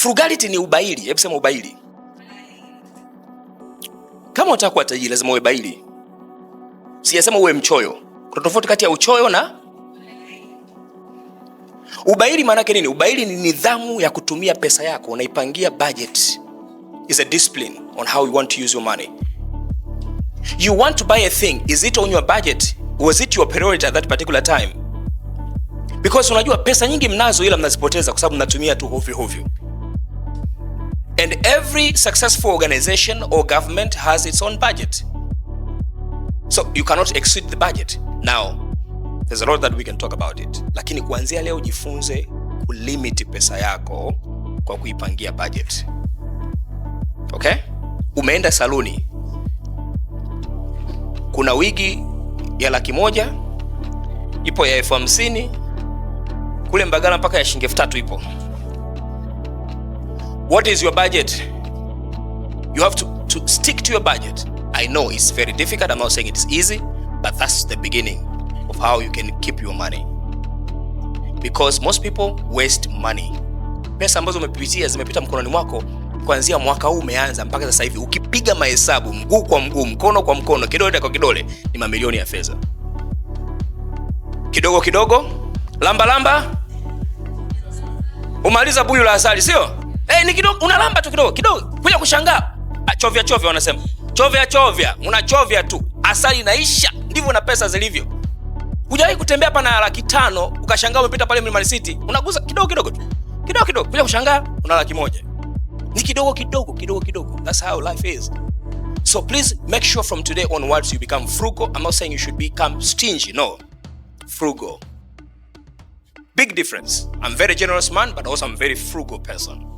Frugality ni ubaili. Hebu sema ubaili. Kama unataka kuwa tajiri lazima uwe baili. Sijasema uwe mchoyo. Kuna tofauti kati ya uchoyo na ubaili. Maana yake nini? Ubaili ni nidhamu ya kutumia pesa yako, unaipangia budget. Is a discipline on how you want to use your money. You want to buy a thing, is it on your budget? Was it your priority at that particular time? Because unajua pesa nyingi mnazo, ila mnazipoteza kwa sababu mnatumia tu hovyo hovyo. And every successful organization or government has its own budget. So you cannot exceed the budget. Now, there's a lot that we can talk about it. Lakini kuanzia leo jifunze kulimit pesa yako kwa kuipangia budget. Okay? Umeenda saluni. Kuna wigi ya laki moja, ipo ya elfu hamsini, kule Mbagala mpaka ya shilingi elfu tatu ipo. What is your budget? You have to, to stick to your budget. I know it's very difficult. I'm not saying it's easy, but that's the beginning of how you can keep your money. Because most people waste money. Pesa ambazo umepitia zimepita mkononi mwako kuanzia mwaka huu umeanza mpaka sasa hivi, ukipiga mahesabu mguu kwa mguu, mkono kwa mkono, kidole kwa kidole, ni mamilioni ya fedha. Kidogo kidogo, lamba lamba, umaliza buyu la asali, sio? Eh, ni kidogo unalamba tu kidogo kidogo, kuja kushangaa ah, chovya chovya, wanasema chovya chovya, unachovya tu asali inaisha. Ndivyo na pesa zilivyo. Hujawahi kutembea pana na laki tano ukashangaa umepita pale Mlimani City, unagusa kidogo kidogo tu kidogo kidogo, kuja kushangaa una laki moja. Ni kidogo kidogo kidogo kidogo, that's how life is. So please make sure from today onwards you become frugal. I'm not saying you should become stingy, no, frugal. Big difference. I'm very generous man, but also I'm very frugal person.